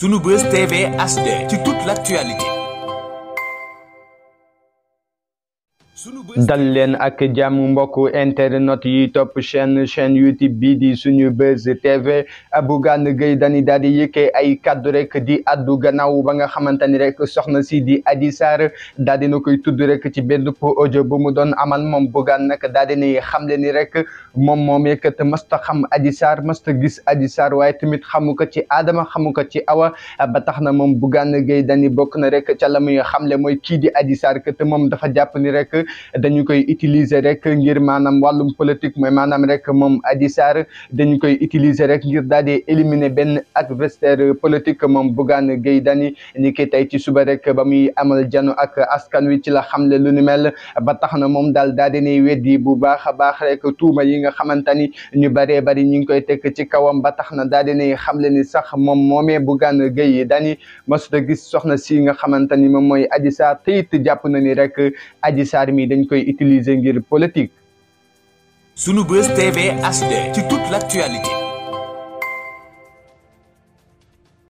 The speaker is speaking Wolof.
Sunubuzz TV HD ci toute l'actualité dal leen ak jàmm mbokk internet yi topp chaîne chaîne youtube bi di suñu buzz tv Bougane Gueye Dany daal di yëkkee ay kaddu rek di addu gannaaw ba nga xamante ni rek soxna si di Adji Sarr daal dina koy tudd rek ci benn audio bu mu doon amal moom Bougane nag daal dina xam le ni rek moom moom yëkkat masta xam Adji Sarr masta gis Adji Sarr waaye tamit xamu ko ci Adama xamu ko ci Awa ba tax na moom Bougane Gueye Dany bokk na rek ca la muy xamle mooy kii di Adji Sarr moom dafa jàpp ni rek dañu koy utiliser rek ngir maanaam wàllum politique mooy maanaam rek moom aji Sarr dañu koy utiliser rek ngir daal di éliminer benn adversaire politique moom Bougane Gueye Dany ni ki tey ci suba rek ba muy amal jano ak askan wi ci la xamle lu ni mel ba tax na moom daal daa dinay weddi bu baax a baax rek tuuma yi nga xamante ni ñu bëree bëri ñu ngi koy teg ci kawam ba tax na daa dinay xamle ni sax moom moomee Bougane Gueye Dany masuta gis soxna si nga xamante ni moom mooy aji Sarr te jàpp na ni rek Adji Sarr xam yi dañ koy utiliser ngir politique. Sunubuzz TV HD ci toute l'actualité.